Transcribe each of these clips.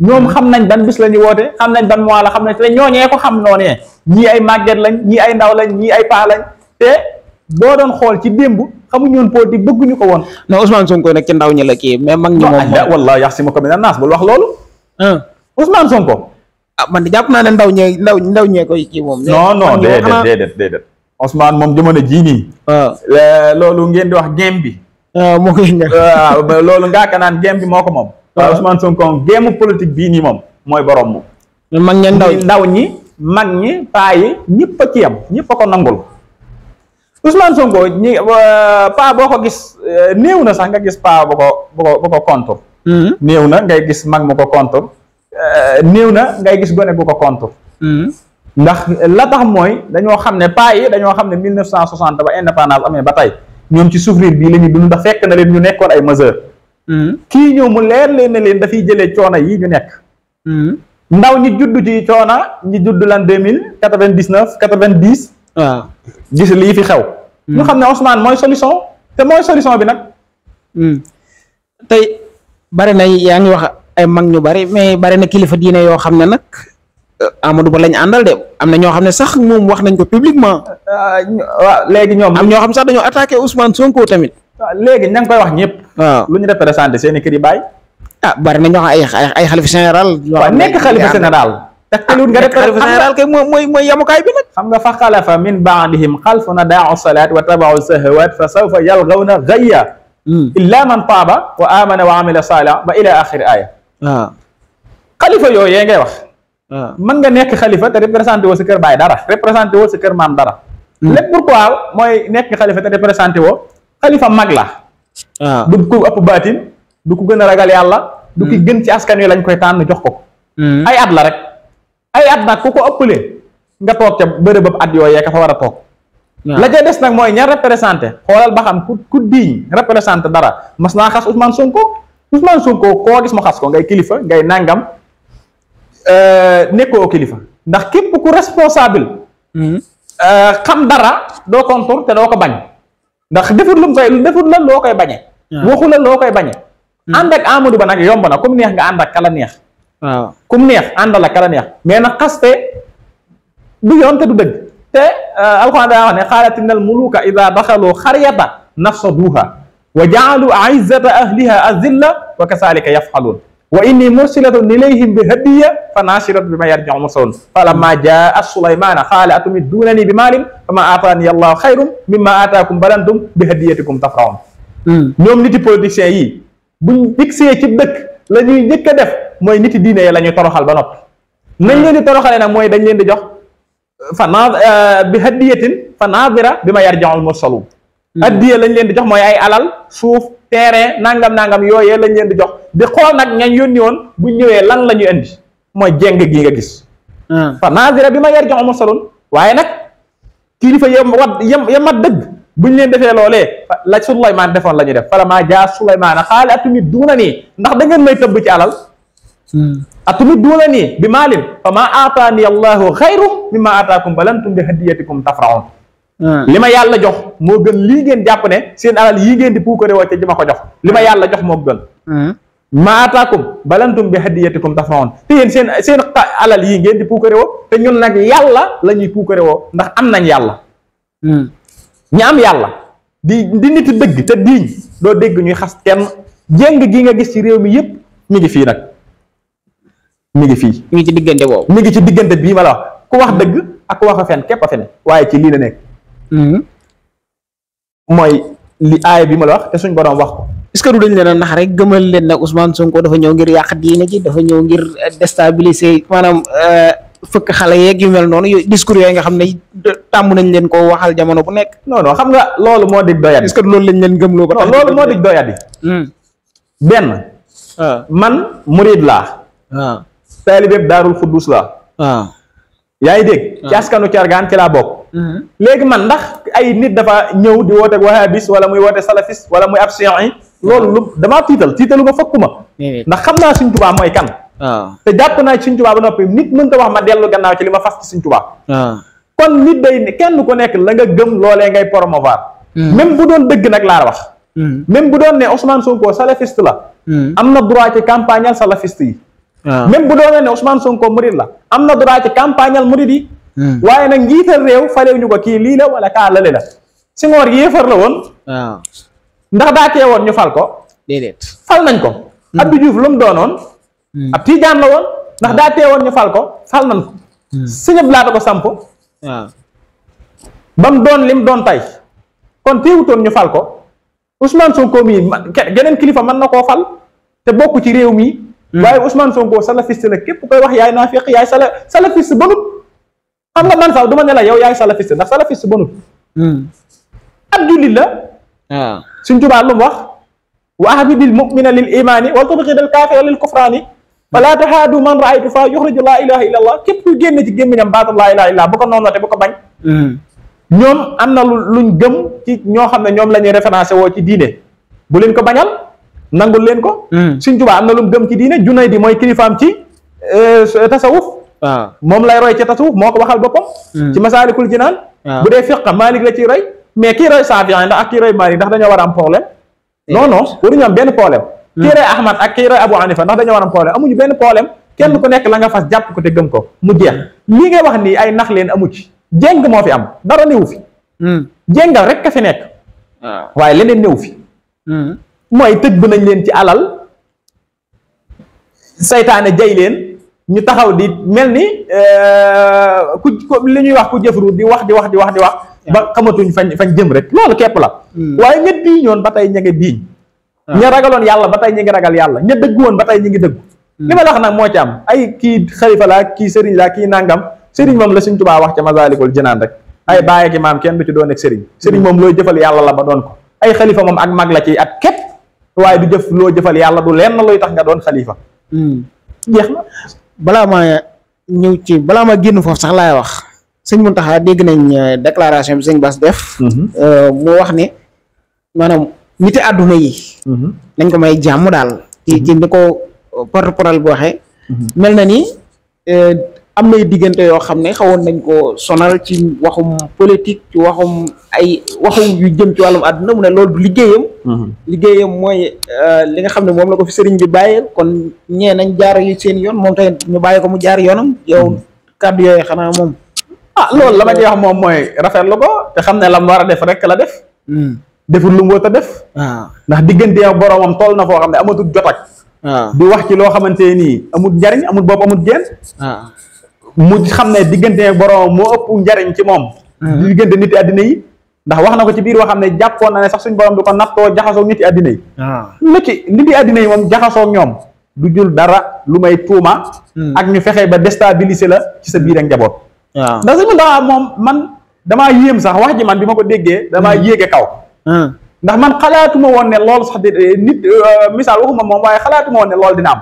ñoom xam nañ ban bis la ñu woote xam nañ ban mois la xam nañ te ñooñee ko xam noonee ñii ay màgget lañ ñii ay ndaw lañ ñii ay paa te boo doon xool ci démb xamuñu woon politique bëgguñu ko woon. non Ousmane Sonko nag ci ndaw ñi la kii mais mag ñi moom. ah wallaahi yax si ma ko mel naas bul wax loolu. Ousmane Sonko. ah man de jàpp naa ne ndaw ñee ndaw ndaw ñee koy kii moom. non non déedéet déedéet déedéet. Ousmane moom jamono jii nii. Ah. Euh, loolu ngeen di wax gem bi. Ah, moo koy ah, loolu ngaa ka naan gem bi moo ko moom waaw Ousmane Sonko géemu politique bii nii moom mooy boroom moom. mag ña ndaw ñi ndaw ñi mag ñi paa yi ñëpp a ci yam ñëpp a ko nangul. Ousmane Sonko paa boo ko gis euh, néew na sax nga gis paa bu ko bu ko bu hmm. néew na ngay gis mag mu ko contour. Euh, néew na ngay gis gone bu ko contour. Hmm. ndax la tax mooy dañoo xam ne paa yi dañoo xam ne 1960 ba indépendance amee ba tey ñoom ci souffrir bii la dund fekk na leen ñu nekkoon ay mesures. Hmm. kii ñëw leer leen leen dafay jëlee coona yii ñu nekk hmm. ndaw ñi judd ci coona ñi judd lan deux mille quatre vingt dix neuf quatre vingt dix waaw gis lii fi xew hmm. ñu xam ne Ousmane mooy solution te mooy solution bi nag tey bari na yaa ngi wax ay mag ñu bari mais bari na kilifa diine yoo xam ne nag euh, Amadou Ba lañ àndal de am na ñoo xam ne sax moom wax nañ ko publiquement euh, waaw léegi ñoom am ñoo xam sax dañoo attaqué Ousmane Sonko tamit Ah, léegi ña ngi koy wax ñëpp. waaw ah. lu ñu représenté seen i kër yi bàyyi. ah bari na ñu wax ay ay ay xalifa général. waaw nekk xalifa général. tekkiluut nga def mooy mooy yamukaay bi nag. xam nga fa xalafa min baadihim xalfun daa'u salaat wa tabaau sahawaat fa sawfa yalgawna gayya. Hmm. illa man taaba wa amana wa amila saalihan ba ila axiri aaya. waaw ah. xalifa ngay wax. mën nga nekk xalifa te représenté woo sa kër baay dara représenté woo sa kër maam dara. Hmm. lépp pourquoi mooy nekk xalifa te représenté woo. xalifa mag la waaw ah. du ko ëpp baatin du ko gën a ragal yàlla du ki hmm. gën ci askan wi lañ koy tànn jox ko ko hmm. ay at la rek ay at nag ku ko ëppalee nga toog ca bërëb ab at yooyee ka fa war a toog ah. la ca des nag mooy ña représenté xoolal ba xam ku ku diiñ représenté dara mas naa xas Ousmane Sonko Ousmane Sonko koo gis ma xas ko ngay kilifa ngay nangam euh, nekkoo kilifa ndax képp ku responsable hmm. euh, xam dara doo contour te doo ko bañ ndax defut lu mu koy defut la loo koy bañe waxu la loo koy bañe hmm. ànd ak Amadou Ba nag yomb na kum neex nga ànd ak kala neex waaw kum neex àndal ak mais nag xaste du yoon te du dëgg te euh, alxuraan daa wax ne ida daxaloo xaryata nafsaduha wa jaalu aizata ahliha azilla wa kasalika wa inni mursilatun ilayhim bi hadiya fa naasiratun bi ma yarji'u mursalun falamma jaa sulaymana qaala atumidduunani bi maalin fama aataani allahu xayrun mimma aataakum bal antum bi hadiyatikum tafrahun hmm. ñoom niti politiciens yi buñ digsee ci dëkk la ñuy njëkk a def mooy niti diine yi la ñuy toroxal ba noppi nañ leen di toroxalee nag mooy dañ leen di jox fa naa eh, bi hadiyatin fa naadira bi ma yarji'u mursalun Mm-hmm. addiya lañ leen di jox mooy ay alal suuf terrain nangam nangam yooyee lañ leen di jox di xool nag ñañ yónni woon bu ñu ñëwee lan la ñu indi mooy jeng gi nga gis. Mm. fa naasira bi ma yar jox amul solo waaye nag kilifa yem wat yem yemat dëgg bu ñu leen defee loolee la Souleymane defoon la ñuy def fala maa jaa Souleymane xaale atumit duuna nii ndax da ngeen may tëbb ci alal. Mm. atumit duuna nii bi maalim fa maa aataani allahu xayru mimma aataakum balantum bi hadiyatikum tafraun Ah. li ma yàlla jox moo gën lii ngeen jàpp ne seen alal yii ngeen di puukare woo ca ji ma ko jox li ma yàlla jox moo gën ah. ma ataakum balantum bi hadiyatikum tafawoon te yéen seen seen alal yii ngeen di puukare woo te ñun nag yàlla la ñuy puukare woo ndax am nañ yàlla hmm. ñi am yàlla di di nit dëgg te diiñ doo dégg ñuy xas kenn jéng gi nga gis ci réew mi yépp mi ngi fii nag mi ngi fii mu ngi ci diggante boobu mu ngi ci diggante bii ma la wax ku wax dëgg ak ku wax a fen képp a fen waaye ci lii la nekk Hmm. mooy li aay bi ma la wax te suñ borom wax ko. est dañ leen a nax rek gëmal leen nag Ousmane Sonko dafa ñëw ngir yàq diine ji dafa ñëw ngir euh, déstabiliser maanaam euh, fëkk xale yee yu mel noonu yooyu discours yooyu nga xam ne tàmm nañ leen koo waxal jamono bu nekk. non non xam nga loolu moo di doyadi. est loolu lañ leen gëmloo ko. non loolu moo di doyadi. Hmm. benn. Ah. man murid laa. waaw ah. taalibe daarul xuddus laa. waaw. Ah. yaa ngi dégg. ci askanu cargaan ci laa bokk. Mm-hmm. léegi man ndax ay nit dafa ñëw di woote wahabis wala muy woote salafis wala muy ab chiites loolu lu damaa tiital tiitalu ma fokku ma ndax xam naa Sëriñ Tuubaa mooy kan ah. te jàpp naa Sëriñ Tuubaa ba noppi nit mënta wax ma dellu gannaaw ci li ma fas ci Sëriñ Tuubaa ah. kon nit day kenn ko nekk la nga gëm loolee ngay promouvoir mm. même bu doon dëgg nag laa wax mm. même bu doon ne Ousmane Sonko salafiste la mm. am na droit ci campagnal salafiste yi ah. même bu doon ne Ousmane Sonko murid la am na droit ci campagnal Hmm. waaye nag njiital réew falew ñu ko kii lii la wala kaa lale la si gi yéefar la woon ah. ndax daa tee woon ñu fal ko déedéet fal nañ ko hmm. Abdou Diouf lu mu doonoon hmm. ab tiijaan la woon ndax daa tee woon ñu fal ko fal nañ ko sëñ Abdou Lahat ko samp ah. ba mu doon lim doon tey kon teewutoon ñu fal ko Ousmane Sonko mii geneen kilifa mën na koo fal te bokk ci réew mi waaye Ousmane Sonko salafiste la képp koy wax yaay naafiq yaay sala salafiste banut am na man sax du ma ne la yow yaay salafiste ndax salafiste bonut hmm. ab jullit la waaw ah. suñ tubaa lu mu wax wa ahbidil mumina lil imani wal tubxidal kaafira lil kufraani fala tahaadu man raaytu fa yuxriju laa ilaha illa allah képp ku génne ci gémmiñam baatu laa ilaha illa bu ko noonoo te bu ko bañ hmm. ñoom am na luñ gëm ci ñoo xam ne ñoom la ñuy référencé woo ci diine bu leen ko bañal nangul leen ko hmm. suñ tubaa am na lu gëm ci diine junay di mooy kilifaam ci euh, tasawuf moom lay roy ci tasawuf moo ko waxal boppam hmm. ci masaalikul jinaan bu dee fiqa Maalik la ciy roy mais kii roy Saafi'i ndax ak kii roy Maalik ndax dañoo war a am problème eh. non non waruñu am benn problème hmm. kii roy Ahmad ak kii roy Abu Hanifa ndax dañoo war a am problème amuñu benn problème kenn hmm. ku nekk la nga fas jàpp ko te gëm ko mu jeex lii ngay wax nii ay nax leen amu ci jéng moo fi am dara néew fi jéngal rek ka fi nekk waaye leneen néew fi mooy tëj bu nañ leen ci alal saytaane ñu taxaw di mel ni euh, ku li ñuy wax ku jëfru di wax di wax di wax di wax ba xamatuñ fañ fañ jëm rek loolu kepp la hmm. waaye ña diiñoon ba tey ña ngi diiñ ah. ña ragaloon yàlla ba tey ñu ngi ragal yàlla ña dëgg woon ba tey ñu ngi dëgg hmm. li ma la wax nag moo ci am ay kii xalifa la kii sëriñ laa kii nàngam sëriñ moom la suñ tubaa wax ca Masaalikul Jinaan rek ay hmm. bàyyi ki maam kenn du ci doon ak sëriñ sëriñ moom looy jëfal yàlla la ba doon ko ay xalifa moom ak mag la ci at képp waaye du jëf loo jëfal yàlla du lenn luy tax nga doon xalifa jeex balaa ma ñëw ci balaa ma génn foofu sax laay wax sëñ taxa dégg nañ euh, déclaration bi sëñ Bass def. Mhm. Euh, mu wax ne maanaam nit àdduna yi. Mhm. nañ ko may jàmm daal. ci mhm. ci ni ko euh, porte-parole bi waxee. mel na ni. am nay diggante yoo xam ne xawoon nañ ko sonal ci waxum politique ci waxum ay waxum yu jëm ci wàllum àdduna mu ne lool du liggéeyam mhm. liggéeyam mooy euh, li nga xam ne moom la ko fi sëriñ bi bàyyee kon ñee nañ jaar yu seen yoon moom tamit ñu bàyyi ko mu jaar yoonam yow mhm. kàddu yooyu xanaa moom ah loolu la ma moom mooy rafetlu ko te xam ne la mu war a def rek la def hmm. deful lu a def ah. ndax diggante ak boroomam toll na foo xam ne amatul jotak ah. di wax ci loo xamante nii amul njariñ amul bopp amul geen ah. mu xam ne diggante borom moo ëpp njariñ ci moom hmm. diggante nit àddina yi ndax wax na ko ci biir wax xam ne jàppoon na ne sax suñ borom du ko nattoo jaxasoog nit àddina yi ah. nit ci nit àddina yi moom jaxasoog ñoom du jul dara lu may tuuma hmm. ak ñu fexe ba déstabiliser la ci sa biir ak njaboot ah. ndax suñu daa moom man damaa yéem sax wax ji man bi ma ko déggee damaa hmm. yéege kaw ndax man xalaatuma woon ne lool sax de eh, nit eh, misaal waxuma moom waaye xalaatuma woon ne lool dina am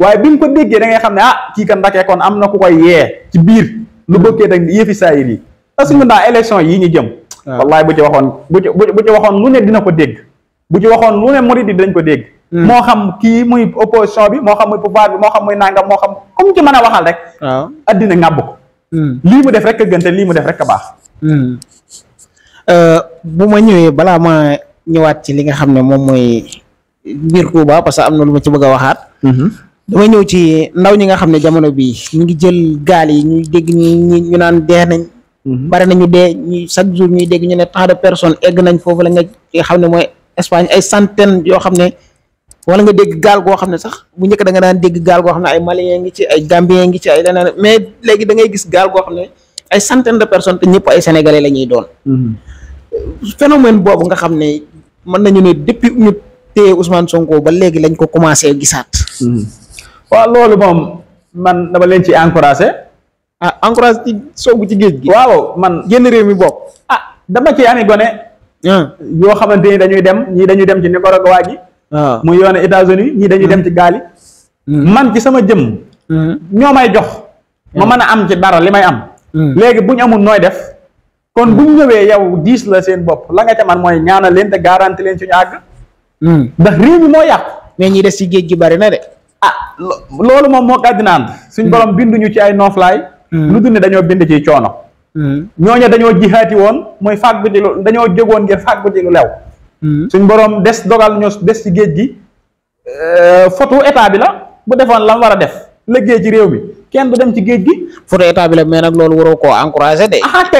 waaye bi mu ko déggee da ngay xam ne ah kii kan ndakee kon am na ku koy yee ci biir lu bëggee nag yëfi saayir yi te suñu naa élection yii ñu jëm ah. wallaay bu ci waxoon bu ci bu waxoon lu ne dina ko dégg bu ci waxoon lu ne di yi dañ ko dégg hmm. moo xam kii muy opposition bi moo xam muy pouvoir bi moo xam muy nangam moo xam comme ci mën a waxal rek ah. addina ngàbb ko hmm. lii mu def rek a gën te lii mu def rek a baax hmm. euh, bu ma ñëwee balaa ma ñëwaat ci li nga xam ne moom mooy biir Touba parce que am na lu ci bëgg a waxaat mm-hmm. dama ñëw ci ndaw ñi nga xam ne jamono bii ñu ngi jël gaal yi ñuy dégg ñu ñu naan dee nañ. Mhm. bari nañu dee ñu chaque jour ñuy dégg ñu ne tant de personnes egg nañ foofu la nga xam ne mooy Espagne ay centaines yoo xam ne wala nga dégg gaal goo xam ne sax bu njëkk da nga daan dégg gaal goo xam ne ay Maliens ngi ci ay Gambiens ngi ci ay leneen mais léegi da ngay gis gaal goo xam ne ay centaines de personnes te ñëpp ay Sénégalais la ñuy doon. Mhm. phénomène boobu nga xam ne mën nañu ne depuis ñu téye Ousmane Sonko ba léegi lañ ko commencé gisaat. Mhm. waaw loolu moom man dama leen ci encouragé. ah encouragé ci soobu ci géej gi. waaw man génn réew mi bokk. ah dama ci ami gone. Ah. yoo xamante ni dañuy dem ñii dañuy dem ci Nicaragua gi. Ah. muy yoone États-Unis ñii dañuy hmm. dem ci gaali hmm. man ci sama jëm. Hmm. ñoo may jox. ma mën a am ci bara li may am. léegi bu ñu amul nooy def. kon bu ñu ñëwee yow diis la seen bopp la nga ca man mooy ñaanal leen te garanti leen suñu àgg. ndax réew mi moo yàq mais ñi des ci géej gi bari na de. ah loolu moom moo kaa suñ hmm. borom binduñu ci ay nooflaay hmm. lu dul ne dañoo bind ci coono hmm. ñooñu dañoo jihaati woon mooy fàggu ji lu dañoo jegoon ngir fàggu ji lu lew suñ borom des dogal ñoo des ci géej gi fotu euh, état bi la bu defoon lam war a def liggéey ci réew mi kenn du dem ci géej gi foto état bi la mais nag loolu waroo ko encouragé de. ah kay